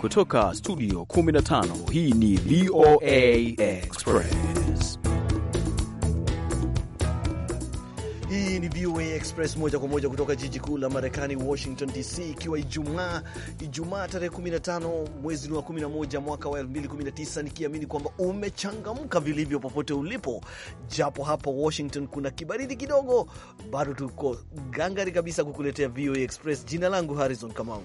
Kutoka studio 15 hii ni VOA Express. Hii ni VOA Express moja kwa moja kutoka jiji kuu la Marekani, Washington DC, ikiwa Ijumaa, Ijumaa tarehe 15 mwezi wa 11 mwaka wa 2019, nikiamini kwamba umechangamka vilivyo popote ulipo, japo hapa Washington kuna kibaridi kidogo, bado tuko gangari kabisa kukuletea VOA Express. Jina langu Harrison Kamau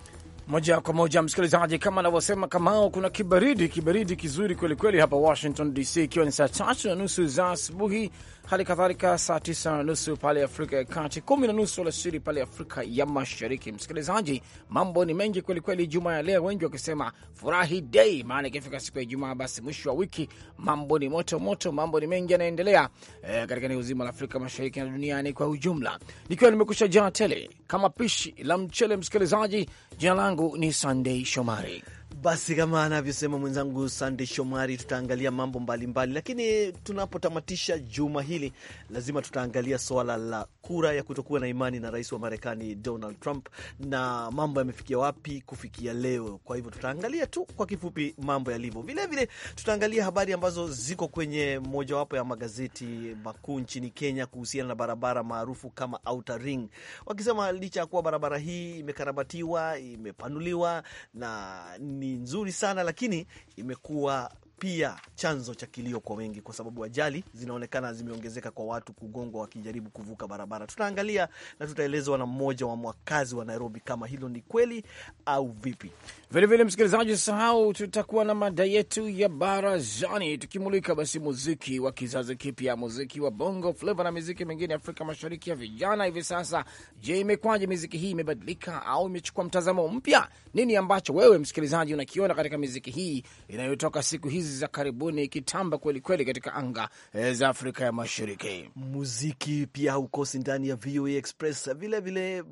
moja kwa moja msikilizaji, kama anavyosema Kamao, kuna kibaridi, kibaridi kizuri kwelikweli hapa Washington DC, ikiwa ni saa tatu na nusu za asubuhi hali kadhalika saa tisa na nusu pale Afrika ya Kati, kumi na nusu alasiri pale Afrika ya Mashariki. Msikilizaji, mambo ni mengi kwelikweli juma ya leo, wengi wakisema furahi dei, maana ikifika siku ya Ijumaa basi mwisho wa wiki mambo ni moto moto, mambo ni mengi yanaendelea e, katika eneo zima la Afrika Mashariki na duniani kwa ujumla. Nikiwa nimekusha jaa tele kama pishi la mchele, msikilizaji, jina langu ni Sandei Shomari basi kama anavyosema mwenzangu Sande Shomari, tutaangalia mambo mbalimbali mbali, lakini tunapotamatisha juma hili lazima tutaangalia swala la kura ya kutokuwa na imani na rais wa Marekani Donald Trump na mambo yamefikia wapi kufikia leo. Kwa hivyo tutaangalia tu kwa kifupi mambo yalivyo, vilevile tutaangalia habari ambazo ziko kwenye mojawapo ya magazeti makuu nchini Kenya kuhusiana na barabara maarufu kama Outer Ring, wakisema licha ya kuwa barabara hii imekarabatiwa, imepanuliwa na ni nzuri sana, lakini imekuwa pia chanzo cha kilio kwa wengi, kwa sababu ajali zinaonekana zimeongezeka kwa watu kugongwa wakijaribu kuvuka barabara. Tutaangalia na tutaelezwa na mmoja wa mwakazi wa Nairobi kama hilo ni kweli au vipi. Vilevile msikilizaji, usisahau tutakuwa na mada yetu ya barazani, tukimulika basi muziki wa kizazi kipya, muziki wa bongo fleva na miziki mingine Afrika Mashariki ya vijana hivi sasa. Je, imekwaje? miziki hii imebadilika au imechukua mtazamo mpya? Nini ambacho wewe msikilizaji unakiona katika miziki hii inayotoka siku hizi hizi za karibuni ikitamba kwelikweli katika anga eh, za Afrika ya Mashariki. Muziki pia haukosi ndani ya VOA e Express, vilevile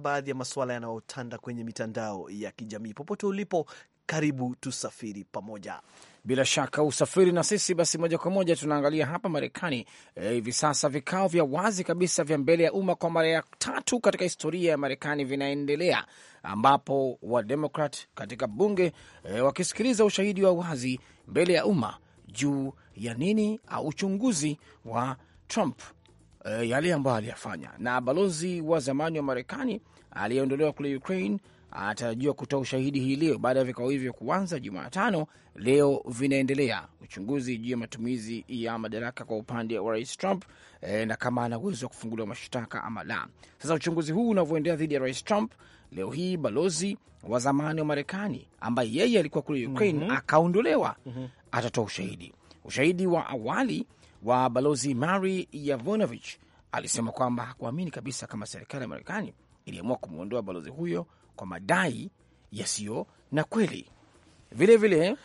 baadhi ya masuala yanayotanda kwenye mitandao ya kijamii. Popote ulipo, karibu tusafiri pamoja. Bila shaka usafiri na sisi basi, moja kwa moja tunaangalia hapa Marekani eh, hivi e, sasa vikao vya wazi kabisa vya mbele ya umma kwa mara ya tatu katika historia ya Marekani vinaendelea, ambapo Wademokrat katika bunge e, wakisikiliza ushahidi wa wazi mbele ya umma juu ya nini au uchunguzi wa Trump e, yale ambayo aliyafanya. Na balozi wa zamani wa Marekani aliyeondolewa kule Ukraine anatarajiwa kutoa ushahidi hii leo baada ya vikao hivyo kuanza Jumatano. Leo vinaendelea uchunguzi juu ya matumizi ya madaraka kwa upande wa rais Trump e, na kama ana uwezo wa kufunguliwa mashtaka ama la. Sasa uchunguzi huu unavyoendelea dhidi ya rais Trump Leo hii balozi wa zamani wa Marekani ambaye yeye alikuwa kule Ukraine mm -hmm. akaondolewa mm -hmm. atatoa ushahidi. Ushahidi wa awali wa balozi Mary Yavonovich alisema kwamba hakuamini kabisa kama serikali ya Marekani iliamua kumwondoa balozi huyo kwa madai yasiyo na kweli. Vilevile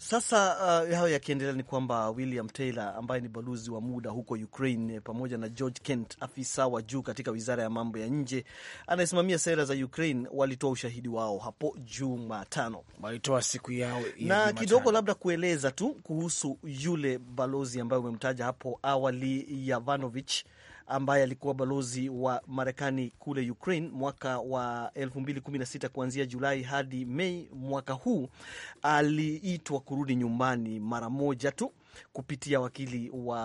sasa uh, hayo yakiendelea ni kwamba William Taylor ambaye ni balozi wa muda huko Ukraine eh, pamoja na George Kent, afisa wa juu katika wizara ya mambo ya nje anayesimamia sera za Ukraine, walitoa ushahidi wao hapo Jumatano, walitoa siku yao na kidogo, labda kueleza tu kuhusu yule balozi ambaye umemtaja hapo awali, Yavanovich ambaye alikuwa balozi wa Marekani kule Ukraine mwaka wa 2016 kuanzia Julai hadi Mei mwaka huu, aliitwa kurudi nyumbani mara moja tu kupitia wakili wa,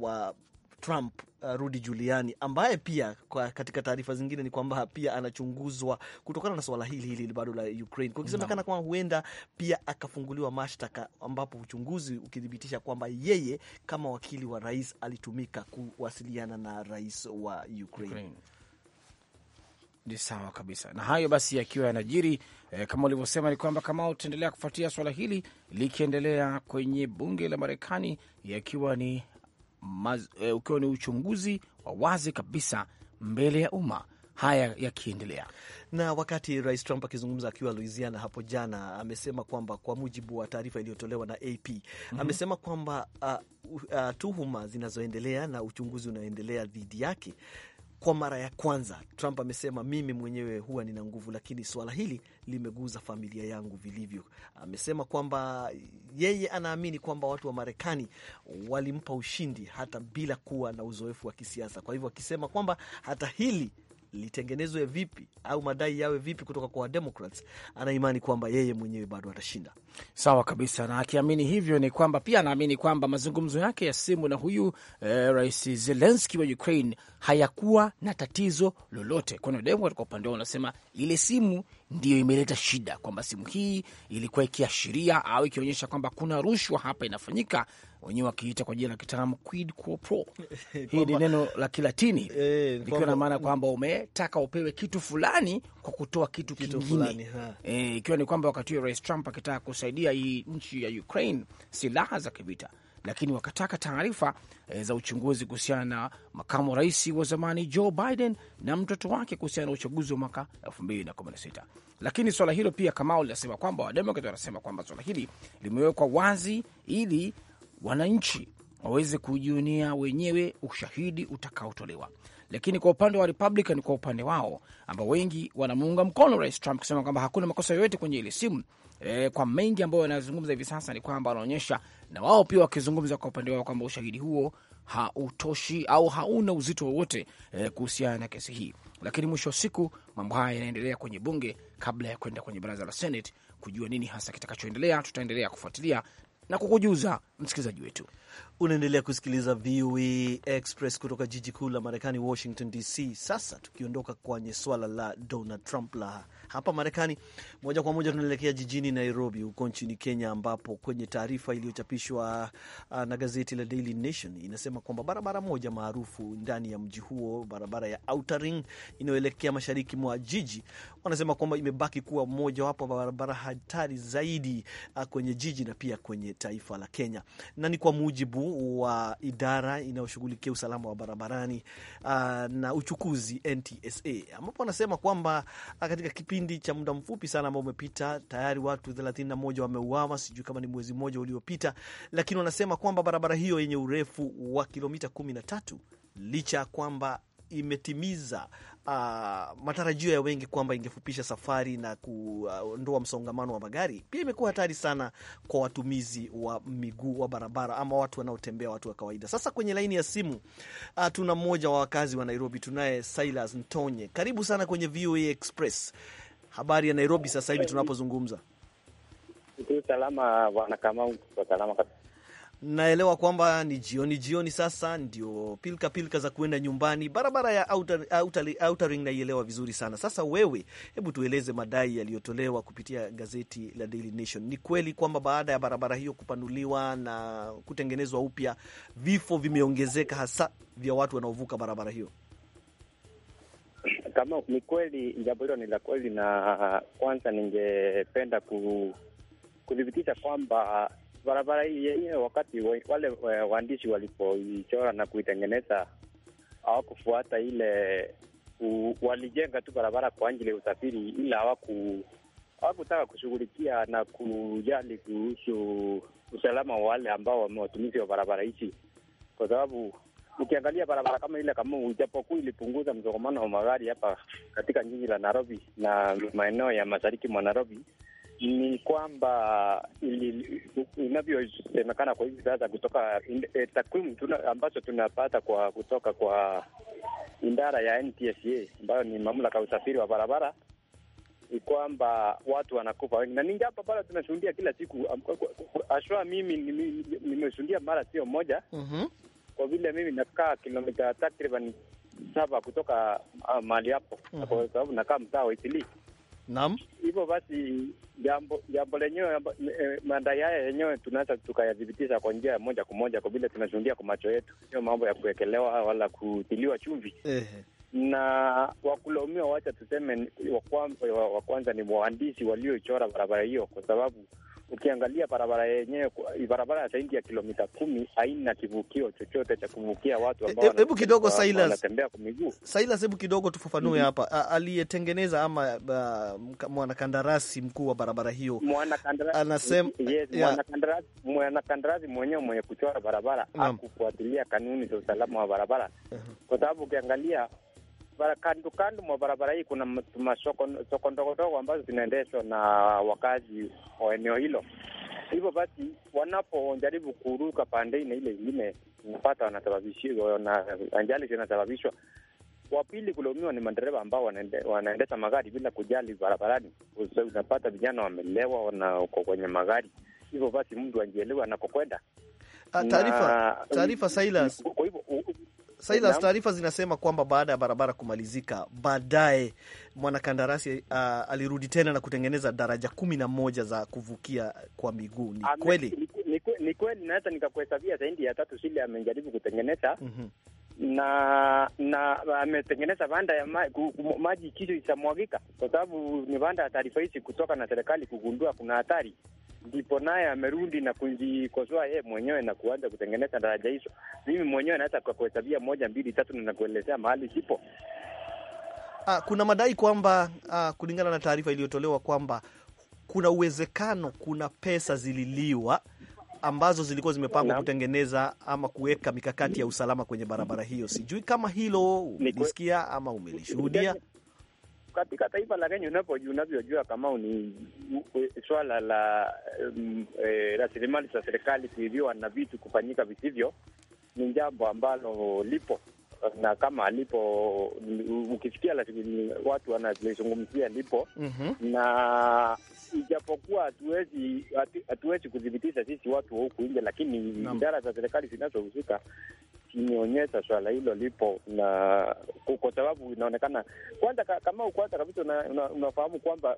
wa Trump uh, Rudy Giuliani ambaye pia kwa katika taarifa zingine ni kwamba pia anachunguzwa kutokana na swala hili hili bado la Ukraine, kwa kisemekana kwamba huenda pia akafunguliwa mashtaka, ambapo uchunguzi ukithibitisha kwamba yeye kama wakili wa rais alitumika kuwasiliana na rais wa Ukraine, Ukraine. Ni sawa kabisa na hayo basi yakiwa yanajiri. E, kama ulivyosema ni kwamba kama utaendelea kufuatia swala hili likiendelea kwenye bunge la Marekani, yakiwa ni maz, e, ukiwa ni uchunguzi wa wazi kabisa mbele ya umma haya yakiendelea. Na wakati Rais Trump akizungumza akiwa Louisiana hapo jana, amesema kwamba kwa mujibu wa taarifa iliyotolewa na AP mm -hmm. amesema kwamba uh, uh, tuhuma zinazoendelea na uchunguzi unaoendelea dhidi yake kwa mara ya kwanza Trump amesema mimi mwenyewe huwa nina nguvu, lakini suala hili limeguza familia yangu vilivyo. Amesema kwamba yeye anaamini kwamba watu wa Marekani walimpa ushindi hata bila kuwa na uzoefu wa kisiasa. Kwa hivyo akisema kwamba hata hili litengenezwe vipi au madai yawe vipi kutoka kwa Democrats, anaimani kwamba yeye mwenyewe bado atashinda. Sawa kabisa, na akiamini hivyo ni kwamba pia anaamini kwamba mazungumzo yake ya simu na huyu eh, Rais zelenski wa Ukraine hayakuwa na tatizo lolote. Kwa kwa upande wao wanasema ile simu ndiyo imeleta shida, kwamba simu hii ilikuwa ikiashiria au ikionyesha kwamba kuna rushwa hapa inafanyika, wenyewe wakiita kwa jina la kitaalamu quid pro Hii ni neno la Kilatini eh, likiwa na maana kwamba umetaka upewe kitu fulani kwa kutoa kitu, kitu kingine, eh, ikiwa e, ni kwamba wakati huo Rais Trump akitaka kusaidia hii nchi ya Ukraine silaha za kivita lakini wakataka taarifa eh, za uchunguzi kuhusiana na makamu rais wa zamani Joe Biden na mtoto wake kuhusiana na uchaguzi wa mwaka 2016. Lakini swala hilo pia Kamau linasema kwamba wademokrat wanasema kwamba swala hili limewekwa wazi ili wananchi waweze kujionia wenyewe ushahidi utakaotolewa. Lakini kwa upande wa Republican, kwa upande wao ambao wengi wanamuunga mkono rais Trump kusema kwamba hakuna makosa yoyote kwenye ile simu, e, kwa mengi ambayo yanazungumza hivi sasa ni kwamba wanaonyesha na wao pia wakizungumza kwa upande wao kwamba ushahidi huo hautoshi au hauna uzito wowote e, kuhusiana na kesi hii. Lakini mwisho wa siku mambo haya yanaendelea kwenye bunge kabla ya kwenda kwenye baraza la Senate. Kujua nini hasa kitakachoendelea, tutaendelea kufuatilia na kukujuza msikilizaji wetu. Unaendelea kusikiliza VOA Express kutoka jiji kuu la Marekani, Washington DC. Sasa tukiondoka kwenye swala la Donald Trump la hapa Marekani, moja kwa moja tunaelekea jijini Nairobi huko nchini Kenya, ambapo kwenye taarifa iliyochapishwa ah, na gazeti la Daily Nation inasema kwamba barabara moja maarufu ndani ya mji huo, barabara ya Outer Ring inayoelekea mashariki mwa jiji, wanasema kwamba imebaki kuwa mojawapo barabara hatari zaidi ah, kwenye jiji na pia kwenye taifa la Kenya, na ni kwa mujibu mkuu wa idara inayoshughulikia usalama wa barabarani uh, na uchukuzi NTSA, ambapo anasema kwamba uh, katika kipindi cha muda mfupi sana ambao umepita tayari watu 31 wameuawa, sijui kama ni mwezi mmoja uliopita, lakini wanasema kwamba barabara hiyo yenye urefu wa kilomita 13 licha ya kwamba imetimiza uh, matarajio ya wengi kwamba ingefupisha safari na kuondoa uh, msongamano wa magari, pia imekuwa hatari sana kwa watumizi wa miguu wa barabara ama watu wanaotembea, watu wa kawaida. Sasa kwenye laini ya simu uh, tuna mmoja wa wakazi wa Nairobi, tunaye Silas Ntonye. Karibu sana kwenye VOA Express. Habari ya Nairobi sasa hivi tunapozungumza? Salama bwana Kamau, salama kabisa naelewa kwamba ni jioni jioni, sasa ndio pilka pilka za kuenda nyumbani, barabara ya outer, outer, naielewa vizuri sana. Sasa wewe, hebu tueleze madai yaliyotolewa kupitia gazeti la Daily Nation. Ni kweli kwamba baada ya barabara hiyo kupanuliwa na kutengenezwa upya, vifo vimeongezeka, hasa vya watu wanaovuka barabara hiyo? Kama ni kweli, jambo hilo ni la kweli, na kwanza ningependa ku kuthibitisha kwamba barabara hii yenyewe, wakati wale eh, waandishi walipoichora na kuitengeneza hawakufuata ile u, walijenga tu barabara kwa ajili ya usafiri, ila hawaku hawakutaka kushughulikia na kujali kuhusu usalama wa wale ambao wamewatumizi wa barabara hizi, kwa sababu ukiangalia barabara kama ile Kamuu, ijapokuwa ilipunguza msongamano wa magari hapa katika jiji la Nairobi na maeneo ya mashariki mwa Nairobi ni kwamba inavyosemekana kwa hivi sasa kutoka e, takwimu tuna, ambazo tunapata kwa kutoka kwa idara ya NTSA ambayo ni mamlaka ya usafiri wa barabara ni kwamba watu wanakufa wengi, na ni jambo ambalo tunashuhudia kila siku ashwa. Mimi nimeshuhudia mara sio moja mm -hmm. Kwa vile mimi nakaa kilomita takriban saba kutoka ah, mahali hapo, kwa mhm. sababu nakaa mtaa wa Itilii Naam, hivyo basi jambo jambo lenyewe e, madai haya yenyewe tunaweza tukayadhibitisha kwa njia moja kwa moja kwa vile tunashuhudia kwa macho yetu, sio mambo ya kuwekelewa wala kutiliwa chumvi ehe. Na wakulaumiwa, wacha tuseme wa kwanza ni wahandisi walioichora barabara hiyo, kwa sababu ukiangalia barabara yenyewe, barabara ya zaidi ya kilomita kumi haina kivukio chochote cha kuvukia watu e, ambao e, hebu e, kidogo Silas, kwa miguu. Silas, hebu kidogo tufafanue mm -hmm. hapa aliyetengeneza ama uh, mwanakandarasi mkuu wa barabara hiyo mwanakandarasi anasema yes, mwanakandarasi mwanakandarasi mwenyewe mwenye kuchora barabara hakufuatilia kanuni za usalama wa barabara uh -huh. kwa sababu ukiangalia kando kando mwa barabara hii kuna masoko soko ndogo ndogo ambazo zinaendeshwa na wakazi wa eneo hilo. Hivyo basi, wanapojaribu kuruka pande ile ile ingine, unapata wanasababishiwa na ajali zinasababishwa. Wa pili kulaumiwa ni madereva ambao wanaendesha magari bila kujali barabarani. Unapata vijana wamelewa, wanako kwenye magari, hivyo basi mtu ajielewe anakokwenda. Ah, taarifa Silas, kwa hivyo Silas, taarifa zinasema kwamba baada ya barabara kumalizika, baadaye mwanakandarasi uh, alirudi tena na kutengeneza daraja kumi na moja za kuvukia kwa miguu. Ni ah, kweli, ni kweli, naweza nikakuhesabia zaidi ya tatu zile amejaribu kutengeneza mm -hmm na na ametengeneza banda ya ma, ku, ku, maji kisho isamwagika, kwa sababu ni banda ya taarifa hizi kutoka na serikali kugundua kuna hatari ndipo naye amerudi na kujikosoa yeye mwenyewe na kuanza kutengeneza daraja hizo. Mimi mwenyewe naweza kuhesabia moja, mbili, tatu na nakuelezea mahali zipo. Ah, kuna madai kwamba ah, kulingana na taarifa iliyotolewa kwamba kuna uwezekano kuna pesa zililiwa ambazo zilikuwa zimepangwa kutengeneza ama kuweka mikakati ya usalama kwenye barabara hiyo. Sijui kama hilo umelisikia ama umelishuhudia katika taifa la Kenya unavyojua, kama ni e, swala la um, e, rasilimali za serikali kuiviwa na vitu kufanyika visivyo, ni jambo ambalo lipo na kama alipo ukisikia watu wanalizungumzia lipo. mm -hmm. na ijapokuwa hatuwezi hatuwezi kudhibitisha sisi watu wa huku nje, lakini idara za serikali zinazohusika imeonyesha swala hilo lipo, na kwa sababu inaonekana kwanza, kama kwanza kabisa unafahamu una kwamba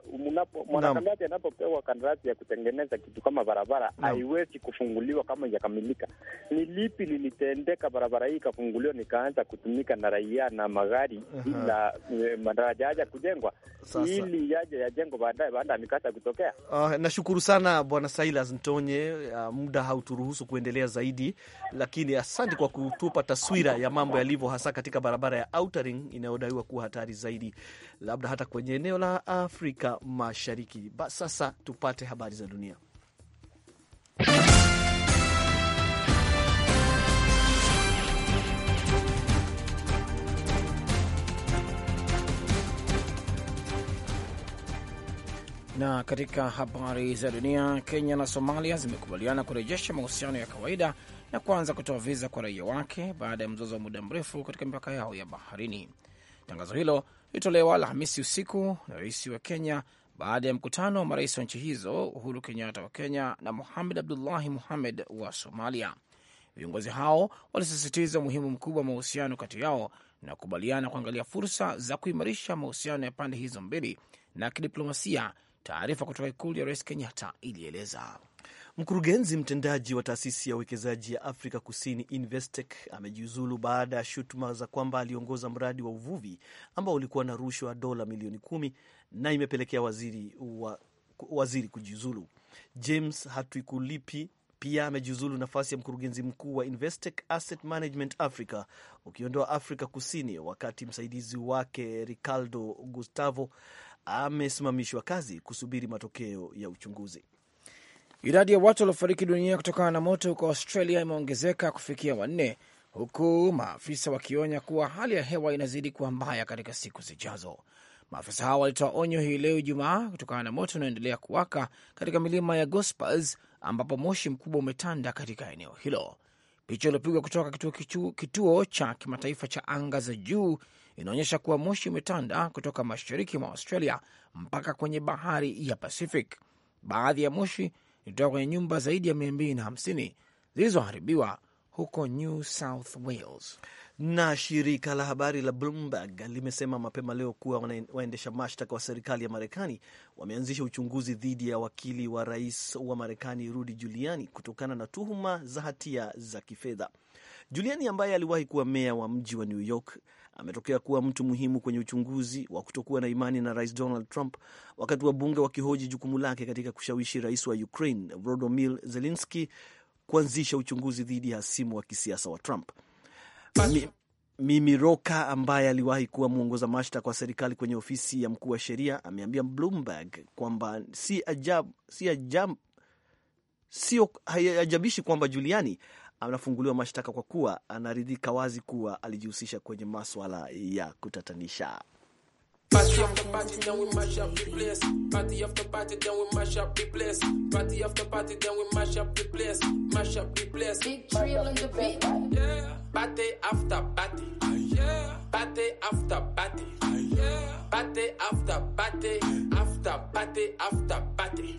mwanakandarasi anapopewa kandarasi ya kutengeneza kitu kama barabara haiwezi kufunguliwa kama ijakamilika. Ni lipi lilitendeka barabara hii ikafunguliwa nikaanza kutumika na raia na magari bila eh, madaraja haja kujengwa, ili yaje yajengwa baadaye baada ya mikasa kutokea. Uh, nashukuru sana Bwana Silas Ntonye, uh, muda hauturuhusu kuendelea zaidi, lakini asante kwa kutu kutupa taswira ya mambo yalivyo, hasa katika barabara ya Outer Ring inayodaiwa kuwa hatari zaidi, labda hata kwenye eneo la Afrika Mashariki. Basi sasa tupate habari za dunia. Na katika habari za dunia, Kenya na Somalia zimekubaliana kurejesha mahusiano ya kawaida na kuanza kutoa viza kwa raia wake baada ya mzozo wa muda mrefu katika mipaka yao ya baharini. Tangazo hilo lilitolewa Alhamisi usiku na rais wa Kenya baada ya mkutano wa marais wa nchi hizo Uhuru Kenyatta wa Kenya na Muhamed Abdullahi Muhamed wa Somalia. Viongozi hao walisisitiza umuhimu mkubwa wa mahusiano kati yao na kukubaliana kuangalia fursa za kuimarisha mahusiano ya pande hizo mbili na kidiplomasia, taarifa kutoka ikulu ya rais Kenyatta ilieleza. Mkurugenzi mtendaji wa taasisi ya uwekezaji ya Afrika Kusini Investec amejiuzulu baada ya shutuma za kwamba aliongoza mradi wa uvuvi ambao ulikuwa na rushwa dola milioni kumi na imepelekea waziri, wa, waziri kujiuzulu. James hatwikulipi pia amejiuzulu nafasi ya mkurugenzi mkuu wa Investec Asset Management Africa, ukiondoa Afrika Kusini, wakati msaidizi wake Ricardo Gustavo amesimamishwa kazi kusubiri matokeo ya uchunguzi. Idadi ya watu waliofariki dunia kutokana na moto huko Australia imeongezeka kufikia wanne, huku maafisa wakionya kuwa hali ya hewa inazidi kuwa mbaya katika siku zijazo. Maafisa hao walitoa onyo hii leo Ijumaa kutokana na moto unaoendelea kuwaka katika milima ya Gospers ambapo moshi mkubwa umetanda katika eneo hilo. Picha iliyopigwa kutoka kituo, kituo cha kimataifa cha anga za juu inaonyesha kuwa moshi umetanda kutoka mashariki mwa Australia mpaka kwenye bahari ya Pacific. Baadhi ya moshi ilitoka kwenye nyumba zaidi ya 250 zilizoharibiwa huko New South Wales. Na shirika la habari la Bloomberg limesema mapema leo kuwa waendesha mashtaka wa serikali ya Marekani wameanzisha uchunguzi dhidi ya wakili wa rais wa Marekani Rudy Giuliani kutokana na tuhuma za hatia za kifedha. Giuliani ambaye aliwahi kuwa meya wa mji wa New York ametokea kuwa mtu muhimu kwenye uchunguzi wa kutokuwa na imani na rais Donald Trump, wakati wa bunge wakihoji jukumu lake katika kushawishi rais wa Ukraine Volodymyr Zelensky kuanzisha uchunguzi dhidi ya hasimu wa kisiasa wa Trump. Mimi Roka ambaye aliwahi kuwa mwongoza mashtaka wa serikali kwenye ofisi ya mkuu wa sheria ameambia Bloomberg kwamba si ajabu, si ajabu, sio haiajabishi kwamba Juliani anafunguliwa mashtaka kwa kuwa anaridhika wazi kuwa alijihusisha kwenye maswala ya kutatanisha. Party after party, then we mash up the place. Party after party, then we mash up the place. Party after party, then we mash up the place. Mash up the place. Big drill in the beat. Yeah. Party after party. yeah. Party after party. yeah. Party after party. After party after party.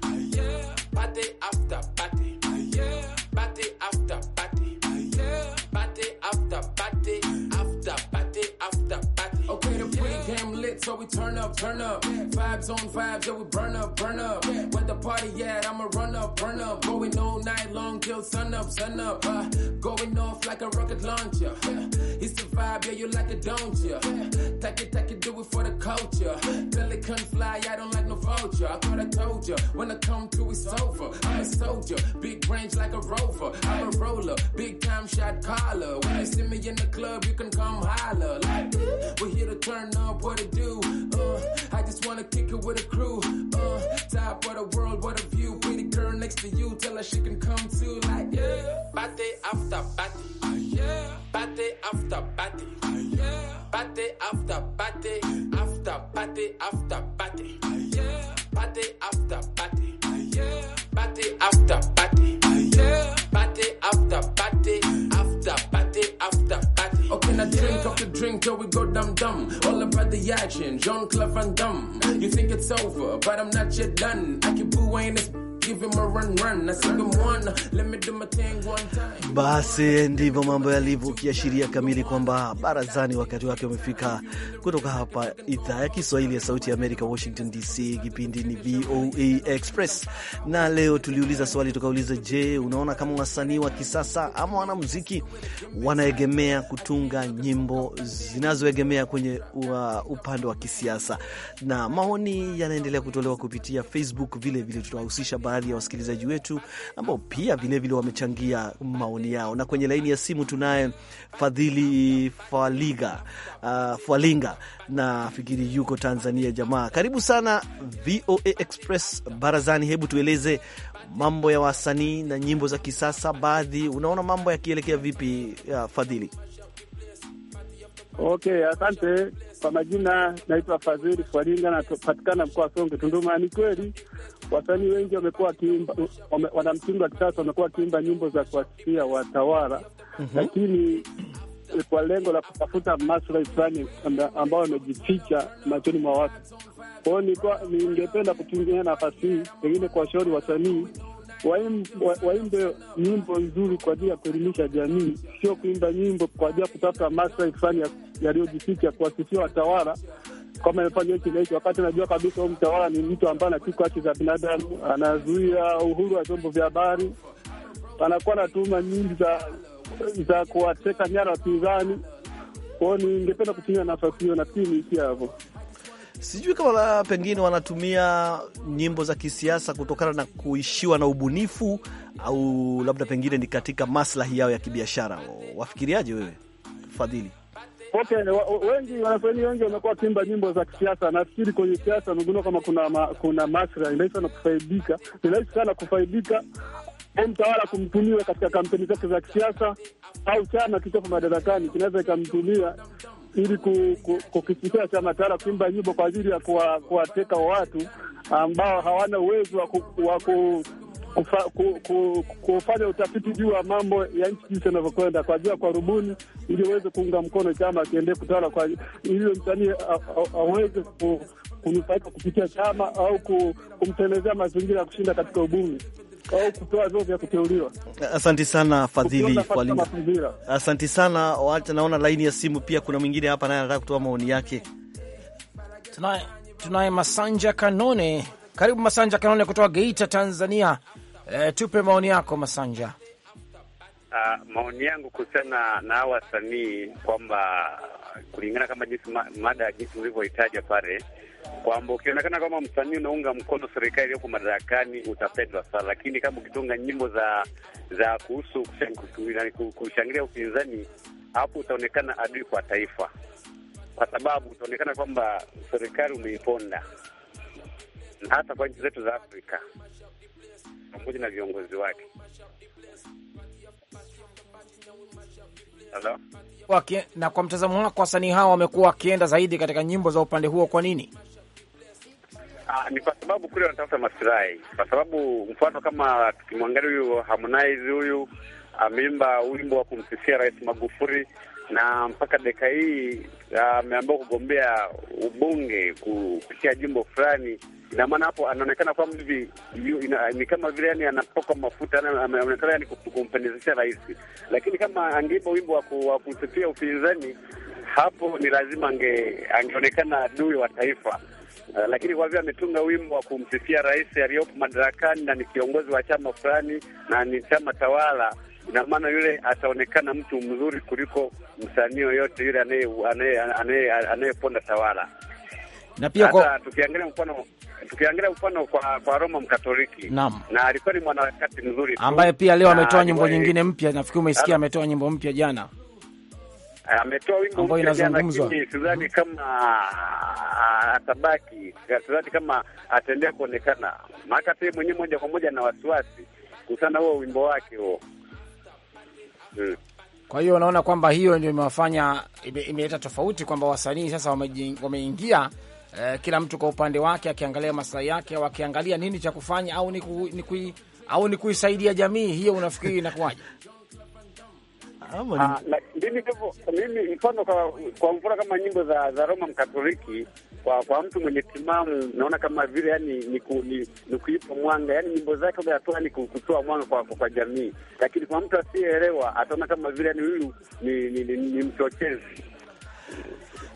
turn up. Yeah vibes on vibes, yeah, we burn up, burn up. Yeah. Where the party at? I'ma run up, burn up. Going all night long till sun up, sun up. Uh, going off like a rocket launcher. Yeah. Uh, it's the vibe, yeah, you like it, don't ya? Yeah. Uh, take it, take it, do it for the culture. can fly, I don't like no vulture. I thought I told ya, when I come through, it's over. I'm a soldier, big range like a rover. I'm a roller, big time shot caller. When you see me in the club, you can come holler. Like, we're here to turn up, what to do. Uh, I just wanna keep kicking with a crew. Uh, top of the world, what a view. Pretty girl next to you, tell her she can come too. Like, yeah. Bate after bate. Uh, yeah. Bate after bate. Uh, yeah. Bate after bate. After bate after bate. Uh, yeah. Bate after bate. Uh, yeah. Bate after bate. Uh, yeah. Bate after bate. After bate after bate. Okay, oh, now I drink yeah. after drink till we go dum dum? the action, Jean-Claude Van Damme. You think it's over, but I'm not yet done. I keep booing this Basi ndivyo mambo yalivyo, ukiashiria kamili kwamba barazani wakati wake umefika. Kutoka hapa idhaa ya Kiswahili ya Sauti ya Amerika, Washington DC, kipindi ni VOA Express, na leo tuliuliza swali tukauliza, je, unaona kama wasanii wa kisasa ama wanamuziki wanaegemea kutunga nyimbo zinazoegemea kwenye uh, upande wa kisiasa? Na maoni yanaendelea kutolewa kupitia Facebook, vilevile tutawahusisha baadhi ya wasikilizaji wetu ambao pia vilevile wamechangia maoni yao, na kwenye laini ya simu tunaye Fadhili Faliga, uh, Fwalinga na fikiri yuko Tanzania. Jamaa, karibu sana VOA Express barazani. Hebu tueleze mambo ya wasanii na nyimbo za kisasa, baadhi unaona mambo yakielekea vipi, uh, Fadhili? Okay, asante kwa majina. Naitwa Fadhili Fwalinga, napatikana mkoa wa Songwe, Tunduma. Ni kweli wasanii wengi wamekuwa wana mtindo wa kisasa, wamekuwa wakiimba nyimbo za kuasisia watawala, mhm. lakini eh, kwa lengo la kutafuta maslahi fulani ambayo yamejificha machoni mwa watu. Kwa hiyo ningependa kutumia nafasi hii pengine kwa washauri wasanii waimbe nyimbo nzuri kwa ajili ya kuelimisha jamii, sio kuimba nyimbo kwa ajili ya kutafuta maslahi fulani yaliyojificha, kuwasifia watawala kama amefanya hiki na hiki, wakati anajua kabisa huu mtawala ni mtu ambaye anakiuka haki za binadamu, anazuia uhuru wa vyombo vya habari, anakuwa na tuhuma nyingi za za kuwateka nyara wapinzani kwao. Ningependa kutumia nafasi hiyo, nafikiri niishia hapo. Sijui kama la, pengine wanatumia nyimbo za kisiasa kutokana na kuishiwa na ubunifu au labda pengine ni katika maslahi yao ya kibiashara. Wafikiriaje wewe Fadhili? Okay, wengi wanasanii wengi wamekuwa kimba nyimbo za kisiasa. Nafikiri kwenye siasa amegundua kama kuna ma, kuna maslahi, ni rahisi sana kufaidika, ni rahisi sana kufaidika mtawala kumtumia katika kampeni zake za kisiasa, au chama kichoko madarakani kinaweza ikamtumia ili kukikisia chama tawala kuimba nyimbo kwa ajili ya kuwateka watu ambao hawana uwezo wa kufanya utafiti juu ya mambo ya nchi jinsi anavyokwenda kwa ajili ya rubuni ili uweze kuunga mkono chama akiendee kutawala, kwa ili msanii aweze kunufaika kupitia chama au kumtengenezea mazingira ya kushinda katika ubunge. Asante sana Fadhili, asante sana wacha. Naona laini ya simu pia, kuna mwingine hapa naye anataka kutoa maoni yake. Tunaye tunaye Masanja Kanone, karibu Masanja Kanone kutoka Geita, Tanzania. E, tupe maoni yako Masanja. Uh, maoni yangu kuhusiana na hawa wasanii kwamba kulingana kama jinsi mada jinsi ulivyohitaja pale kwamba ukionekana kama msanii unaunga mkono serikali iliyoko madarakani utapendwa sana, lakini kama ukitunga nyimbo za za kuhusu kushangilia upinzani, hapo utaonekana adui kwa taifa, kwa sababu utaonekana kwamba serikali umeiponda, na hata kwa nchi zetu za Afrika pamoja na viongozi wake. Hello? na kwa mtazamo wako wasanii hawa wamekuwa wakienda zaidi katika nyimbo za upande huo kwa nini? Ah, ni kwa sababu kule wanatafuta masirahi, kwa sababu mfano kama tukimwangalia huyu Harmonize huyu ameimba ah, wimbo wa kumsifia Rais Magufuli na mpaka dakika hii ah, ameambiwa kugombea ubunge kupitia jimbo fulani ina maana hapo anaonekana kwa hivi ni kama vile yani anapoka mafuta, anaonekana yani kumpendezesha rais. Lakini kama angeipa wimbo wa kusifia upinzani, hapo ni lazima ange, angeonekana adui wa taifa. Uh, lakini kwa vile ametunga wimbo wa kumsifia rais aliyopo madarakani na ni kiongozi wa chama fulani na ni chama tawala, ina maana yule ataonekana mtu mzuri kuliko msanii yoyote yule anayeponda tawala na pia kwa... tukiangalia mfano tukiangalia mfano kwa, kwa Roma Mkatoliki naam, na alikuwa ni mwanaharakati mzuri tu, ambaye pia leo ametoa nyimbo nyingine mpya. Nafikiri umeisikia ametoa nyimbo mpya jana, ametoa wimbo ambao inazungumzwa. Sidhani mhm. kama atabaki, sidhani kama ataendelea kuonekana, maana hata yeye mwenyewe moja kwa moja na wasiwasi kusana huo wimbo wake huo hmm. Kwa hiyo unaona kwamba hiyo ndio imewafanya imeleta tofauti kwamba wasanii sasa wameingia wame eh, kila mtu kwa upande wake akiangalia maslahi yake au akiangalia nini cha kufanya au ni, ku, ni, au ni kuisaidia jamii hiyo, unafikiri inakuwaje? Ah, mimi mfano kwa, kwa mfano kama nyimbo za, za Roma Mkatoliki kwa kwa mtu mwenye timamu naona kama vile yani ni, ni, ni kuipa mwanga yani nyimbo zake unayatoa ni kutoa mwanga kwa, kwa, kwa jamii, lakini kwa mtu asiyeelewa ataona kama vile yani huyu ni, ni, ni, ni, ni mchochezi.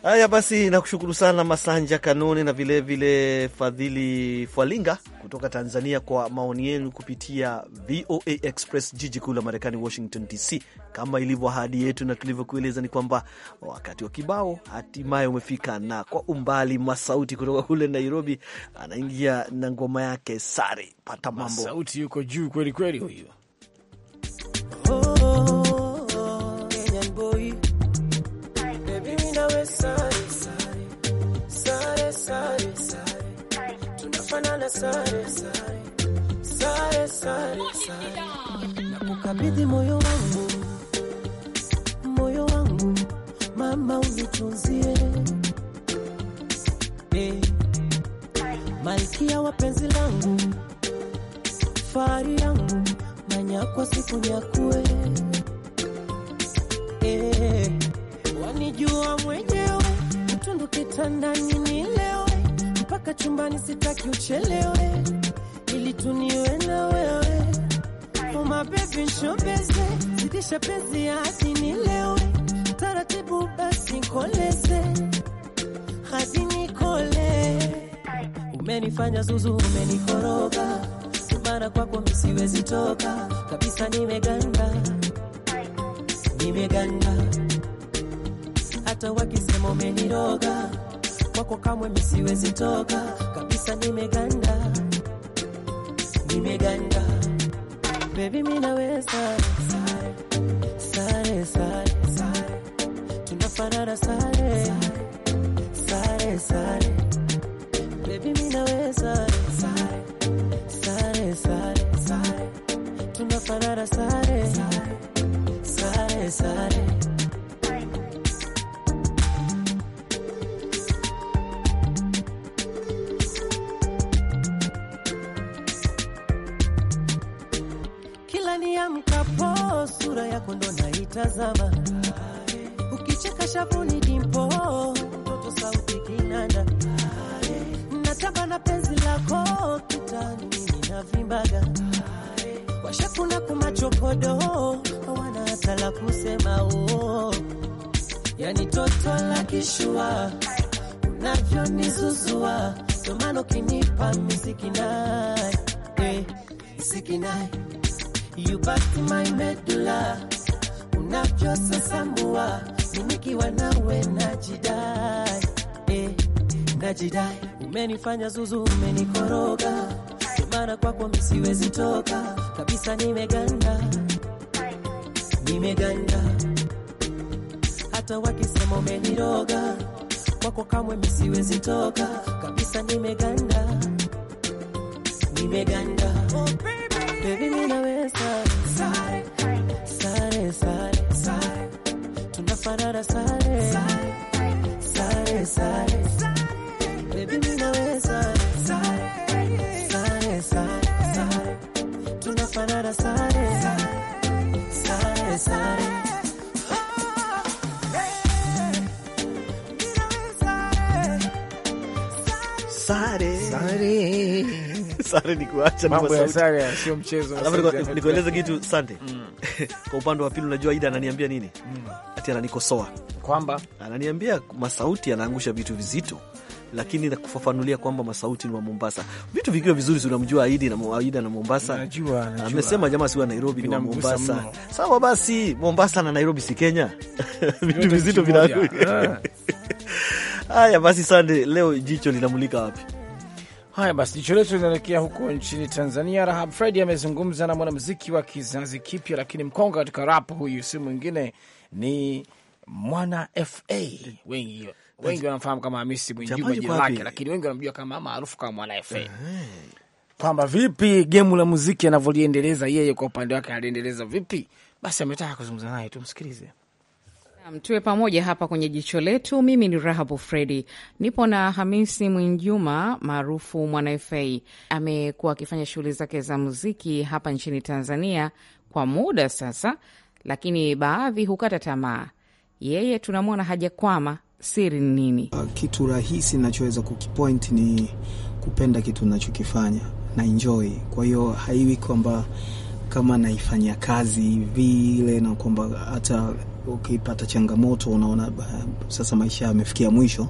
Haya basi, nakushukuru sana Masanja Kanone na vilevile vile Fadhili Fwalinga kutoka Tanzania kwa maoni yenu kupitia VOA Express, jiji kuu la Marekani, Washington DC. Kama ilivyo ahadi yetu na tulivyokueleza, ni kwamba wakati wa kibao hatimaye umefika, na kwa umbali Masauti kutoka kule Nairobi anaingia na ngoma yake sare, pata mambo. Masauti yuko juu kweli kweli huyo, oh. oh, oh. nakukabidhi moyo wangu moyo wangu mama unitunzie eh, malkia wa penzi langu fahari yangu manyakwa siku nyakue eh, unanijua mwenyewe, tundu kitandani leo mpaka chumbani sitaki uchelewe, ili tuniwe na wewe. Uma oh, baby nshobeze, zidisha penzi hadi leo taratibu basi koleze hadi kole. Umenifanya zuzu, umenikoroga mara kwako misiwezi toka kabisa, nimeganda nimeganda hata wakisema umeniroga, kwako kamwe misiwezi toka kabisa, nimeganda, nimeganda bebi, minaweza sare, sare, sare, tunafanana sare, sare, sare, bebi, minaweza sare, sare, sare, tunafanana sare, sare, sare sura yako ndo naitazama, ukicheka shavuni dimpo toto sauti kinanda, natamba na penzi lako kitani navimbaga, washakuna kumachokodo hawana hata la kusema oo, yani toto la kishua unavyonizuzua, ndo maana ukinipa miziki naye eh, misikinai You back my medulla, unajua nikiwa nawe najidai eh, najidai umenifanya zuzu, umenikoroga semana kwako msiwezi toka kabisa, nimeganda nimeganda, hata wakisema umeniroga kwako kamwe msiwezi toka kabisa, nimeganda nimeganda. Oh, Baby, mimi nawe sare sare sare sare, tunafanana sare sare sare, baby, mimi nawe sare sare sare, tunafanana sare sare sare sare ni kuacha mambo ya sare sio mchezo. nikueleze kitu sante. Mm. Kwa upande wa pili, unajua Ida ananiambia nini? Mm. Ati ananikosoa kwamba ananiambia Masauti anaangusha vitu vizito lakini na kufafanulia kwamba Masauti ni wa Mombasa, vitu vikiwa vizuri, tunamjua Aidi na Aida na Mombasa. Najua, najua. Amesema jamaa si wa Nairobi ni wa Mombasa. Sawa basi, Mombasa na Nairobi si Kenya? vitu vizito vina ah. haya basi. Sande, leo jicho linamulika wapi? Haya basi, jicho letu linaelekea huko nchini Tanzania. Rahab Fredi amezungumza na mwanamuziki wa kizazi kipya lakini mkonga katika rap. Huyu si mwingine ni Mwana FA, wengi wengi wanamfahamu kama Hamisi Mwinjuma jina lake, lakini wengi wanamjua kama maarufu kama Mwana FA. Kwamba vipi gemu la muziki anavyoliendeleza yeye, kwa upande wake aliendeleza vipi? Basi ametaka kuzungumza naye, tumsikilize. Tuwe pamoja hapa kwenye jicho letu. Mimi ni Rahabu Fredi, nipo na Hamisi Mwinjuma maarufu Mwanafa. Amekuwa akifanya shughuli zake za muziki hapa nchini Tanzania kwa muda sasa, lakini baadhi hukata tamaa. Yeye tunamwona hajakwama. Siri ni nini? Ah, kitu rahisi nachoweza kukipoint ni kupenda kitu nachokifanya na enjoy. Kwa hiyo haiwi kwamba kama naifanyia kazi vile na kwamba hata ukipata changamoto, unaona sasa maisha yamefikia mwisho,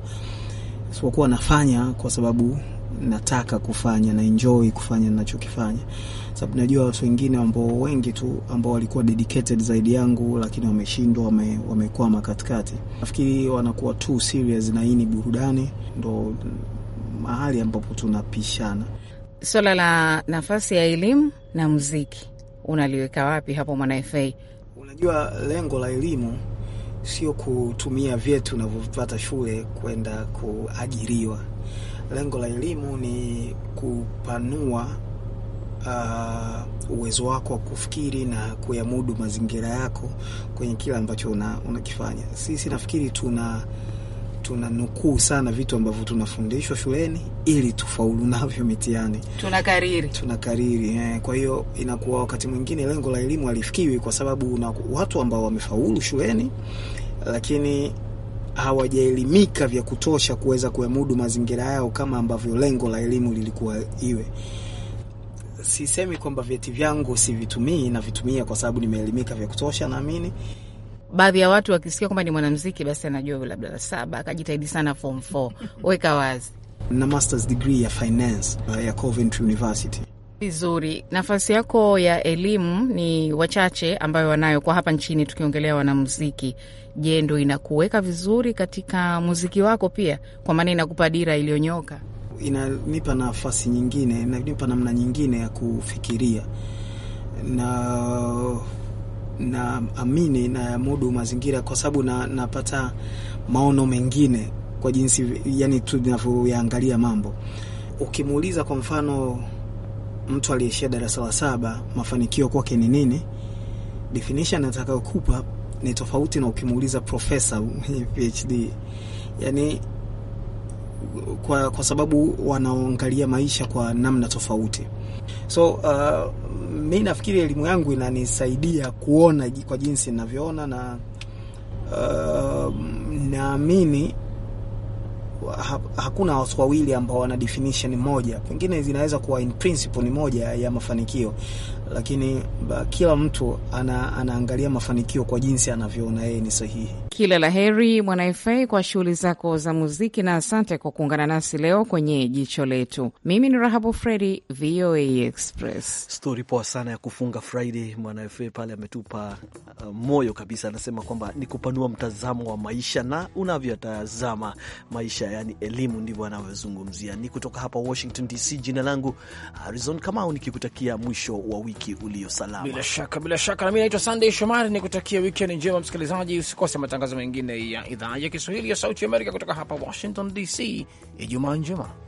sipokuwa nafanya kwa sababu nataka kufanya na enjoy kufanya ninachokifanya, sababu najua watu wengine ambao wengi tu ambao walikuwa dedicated zaidi yangu, lakini wameshindwa, wame, wamekwama katikati. Nafikiri wanakuwa too serious na hii ni burudani, ndo mahali ambapo tunapishana. Swala la nafasi ya elimu na mziki unaliweka wapi hapo, Mwana Unajua, lengo la elimu sio kutumia vyetu unavyopata shule kwenda kuajiriwa. Lengo la elimu ni kupanua uh, uwezo wako wa kufikiri na kuyamudu mazingira yako kwenye kile ambacho unakifanya. Una sisi nafikiri tuna tunanukuu sana vitu ambavyo tunafundishwa shuleni ili tufaulu navyo mitihani, tunakariri tunakariri eh. Kwa hiyo inakuwa wakati mwingine lengo la elimu halifikiwi kwa sababu una watu ambao wamefaulu shuleni lakini hawajaelimika vya kutosha kuweza kuyamudu mazingira yao kama ambavyo lengo la elimu lilikuwa iwe. Sisemi kwamba vyeti vyangu sivitumii, navitumia kwa sababu nimeelimika vya kutosha, naamini baadhi ya watu wakisikia kwamba ni mwanamziki basi anajua labda la saba akajitahidi sana form 4 weka wazi na masters degree ya finance uh, ya Coventry University. Vizuri, nafasi yako ya elimu ni wachache ambayo wanayo kwa hapa nchini, tukiongelea wanamuziki. Je, ndo inakuweka vizuri katika muziki wako pia, kwa maana inakupa dira iliyonyoka? Inanipa nafasi nyingine, inanipa namna nyingine ya kufikiria na na amini ya mudu mazingira, kwa sababu na, napata maono mengine kwa jinsi yani tunavyoyaangalia mambo. Ukimuuliza kwa mfano mtu aliyeshia darasa la saba mafanikio kwake ni nini, definition atakayokupa ni tofauti na ukimuuliza profesa mwenye PhD. Yani kwa, kwa sababu wanaangalia maisha kwa namna tofauti. So uh, mi nafikiri elimu yangu inanisaidia kuona kwa jinsi ninavyoona na uh, naamini hakuna watu wawili ambao wana definition moja, pengine zinaweza kuwa in principle ni moja ya mafanikio, lakini ba, kila mtu ana, anaangalia mafanikio kwa jinsi anavyoona yeye ni sahihi. Kila la heri Mwana FA kwa shughuli zako za muziki, na asante kwa kuungana nasi leo kwenye jicho letu. Mimi ni Rahabu Fredi, VOA Express. Stori poa sana ya kufunga Friday. Mwana FA pale ametupa uh, moyo kabisa, anasema kwamba ni kupanua mtazamo wa maisha na unavyotazama maisha, yani elimu, ndivyo anavyozungumzia. Ni kutoka hapa Washington DC, jina langu Harizon Kamau nikikutakia mwisho wa wiki muziki ulio salama. Bila shaka, bila shaka. Nami naitwa Sunday Shomari, nikutakia weekend njema msikilizaji. Usikose matangazo mengine ya idhaa ya Kiswahili ya Sauti ya Amerika kutoka hapa Washington DC. Ijumaa njema.